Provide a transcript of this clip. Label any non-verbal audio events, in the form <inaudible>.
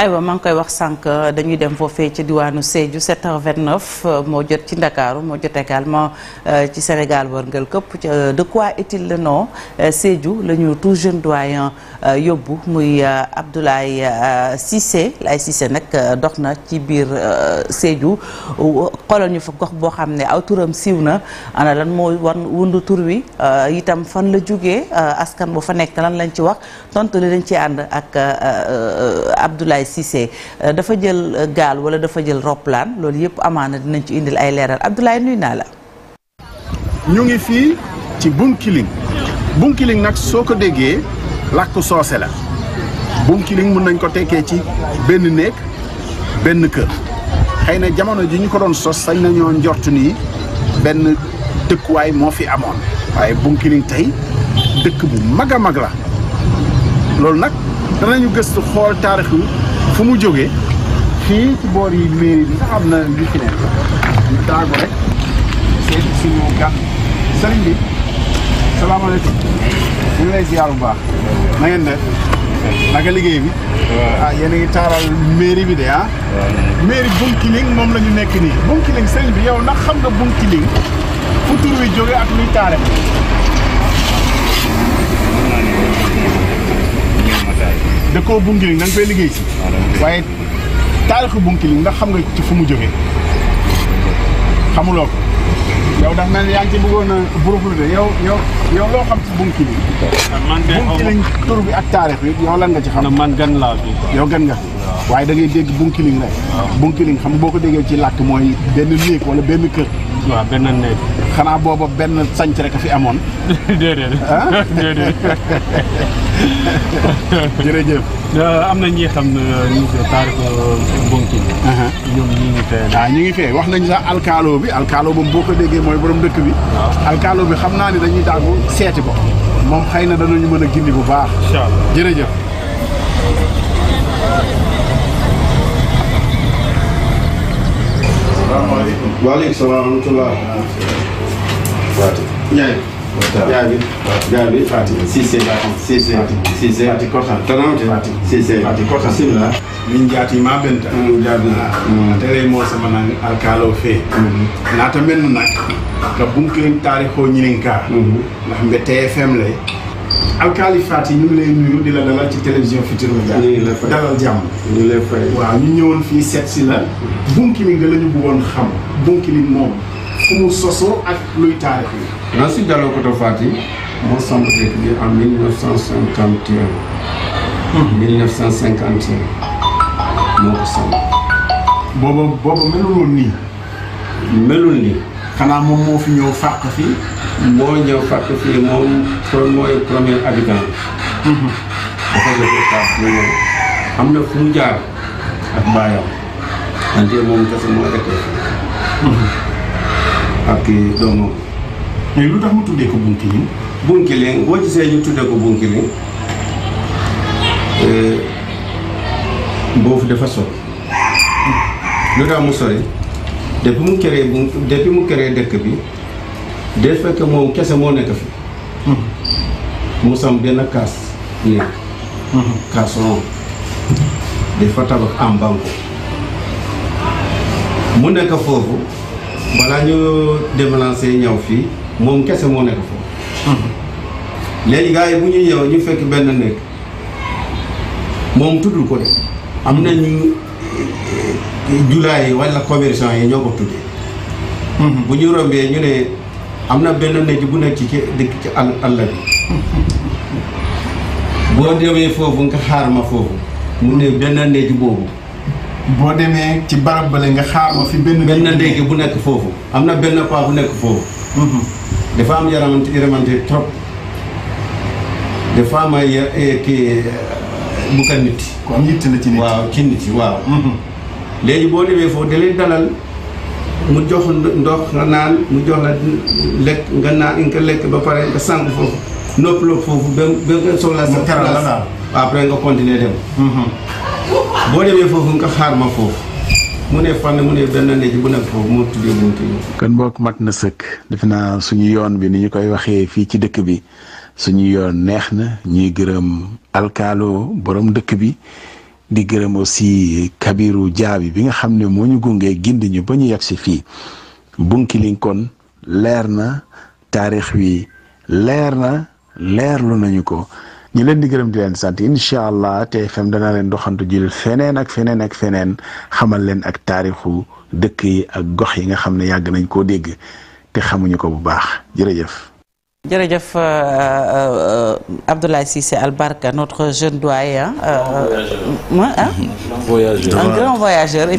aywa maa ngi koy wax sànq dañuy dem foofee ci diwaanu Sédhiou 7h29 euh, moo jot ci Ndakaaru moo jot également euh, ci Sénégal wërngël këpp euh, de quoi est-il le nom Sédhiou la ñu tout jeune doyen yóbbu muy Abdoulaye Cissé lay Cissé nag dox na ci biir Sédhiou xoolal ñu fa gox boo xam ne aw turam siiw na ana lan moo wan wundu tur wi itam fan la jógee askan bu fa nekk lan lañ ci wax tontu li lañ ci ànd ak Abdoulaye Cissé euh, dafa jël euh, gaal wala dafa jël roplaan loolu yëpp amaana dinañ ci indil ay leeral Abdoulaye nuy naa la. ñu ngi fii ci bunkiling bunkiling nag soo ko déggee làkk soose la bunkiling mun nañ ko tekkee ci benn néeg benn kër xëy na jamono ji ñu ko doon sos sañ nañoo njort nii benn dëkkuwaay moo fi amoon waaye bunkiling tey dëkk bu mag a mag la loolu nag danañu gëstu xool taarixu fu mu jógee fii ci boor yi mairie bi sax na lu ci nekk ñu daagu rek seet suñu gan sëriñ bi salaamaaleykum ñu ngi lay ziar bu baax na ngeen def naka liggéey bi ah yéen a ngi taaral mairie bi de ah mairie Bounkiling moom la ñu nekk nii Bounkiling sëriñ bi yow ndax xam nga Bounkiling fu tur wi jógee ak luy taare dëkkoo Bunkiling da nga koy liggéey si. Ah, waaye taarixu Bunkiling ndax xam nga ci fu mu jógee. xamuloo ko. yow dafa mel ni yaa ngi ci bëggoon a buruflu de yow yow yow loo xam ci Bunkiling. Ah, Bunkiling tur bi ak taarix bi yow lan nga ci xam. man gan laa yow gan nga waaye da ngay dégg Bunkiling rek. Ah. Bunkiling xam nga boo ko déggee ci làkk mooy benn néeg wala benn kër. waaw benn néeg. xanaa booba benn sanc rek a fi amoon. <laughs> <laughs> <laughs> <laughs> jërëjëf. Euh, am na ñi xam ne euh, monsieur Tariq Bonkin. Uh-huh. ñoom ñu ngi fee. waaw ah, ñu ngi fee wax nañ sax alkaalo bi alkaalo moom boo ko déggee mooy boroom dëkk bi. alkaalo bi xam naa ni dañuy daagu seeti ko. moom xëy na danañu mën a gindi bu baax. incha allah jërëjëf. salaamaaleykum. waaleykum salaam wa rahmatulah. Fatou. jaabi jaabi fati sise sise sise fati kota tanamte fati sise fati kota simla min jatima benta jaabina tere mo sama nan alkalo fe nata men nak ka bunkirin tarikho nyinin ka ndax mbe TFM lay alkaali Fati ñu ngi lay nuyu di la dalal ci télévision Futurs Médias. ñu ngi dalal jàmm. ñu ngi lay fay waaw ñu ñëwoon fii setsi si la. Bounkiling la ñu bëggoon xam Bounkiling moom. fu mu sosoo ak luy taarix yi. Nancy Diallo Koto Fati moo samp dëkk bi en 1951. 1951 hmm. moo ko samp. booba booba melul nii. melul nii. xanaa moom moo fi ñëw fàq fii. moo ñëw fàq fii moom mooy premier habitant. Hmm. dafa defee fàq ñu ñëw. am na fu mu jaar ak baayam. wante moom kese moo dëkkee. ak doomam lu tax mu tuddee ko bunkiling bunkiling boo gisee ñu tuddee ko bunkiling eh, boofu dafa sori lu tax mu sori depuis mu créé bu depuis mu créé dëkk bi day fekk moom kese moo nekk fi mm-hmm. mu sam benn kaas néeg mm-hmm. kaasoon dafa tabax am banko mu nekk foofu balaa ñu développé ñëw fii moom kese moo nekk foofu. Mhm. léegi gars yi bu ñu ñëw ñu fekk benn nekk moom tuddul ko de am nañu julaay yi wala commerçant yi ñoo ko tuddee. Mhm. bu ñu rombee ñu ne am na benn nekk bu nekk ci dëkk ci àll àll bi. Mhm. boo demee foofu nga xaar ma foofu. mu ne benn nekk boobu. boo demee ci barab bale nga xaar ma fi benn. benn ndéyge bu nekk foofu am na benn paa bu nekk foofu. Mhm. dafa am yaramante yaramante trop dafa am ay kii eh, bu nit. ku am yitte la ci nit waaw ci waaw. Mhm. léegi boo demee foofu da dalal mu jox ndox nga naan mu jox la lekk nga naan nga lekk ba pare nga sànq foofu noppaloo foofu ba ba nga soxla sa. mu la daal après nga continuer dem. Mhm. boo demee foofu nga xaar ma foofu mu ne fànn mu ne benn nekk bu nekk foofu moo tuddee buntu kon boog mat na sëkk defe naa suñu yoon bi ni ñu koy waxee fii ci dëkk bi suñu yoon neex na ñuy gërëm alkaalo borom dëkk bi di gërëm aussi Kabiru Jaabi bi nga xam ne moo ñu gungee gindi ñu ba ñu yegg si fii Bunkiling kon leer na taarix wi leer na leerlu nañu ko. ñi leen di gërëm di leen sant incha allah TFM dana leen doxantu jël feneen ak feneen ak feneen xamal leen ak taarixu dëkk yi ak gox yi nga xam ne yàgg nañ koo dégg te xamuñu ko bu baax jërëjëf. jërëjëf euh, euh, Abdoulaye Cissé Albarka notre jeune doyen. un euh, un grand voyageur.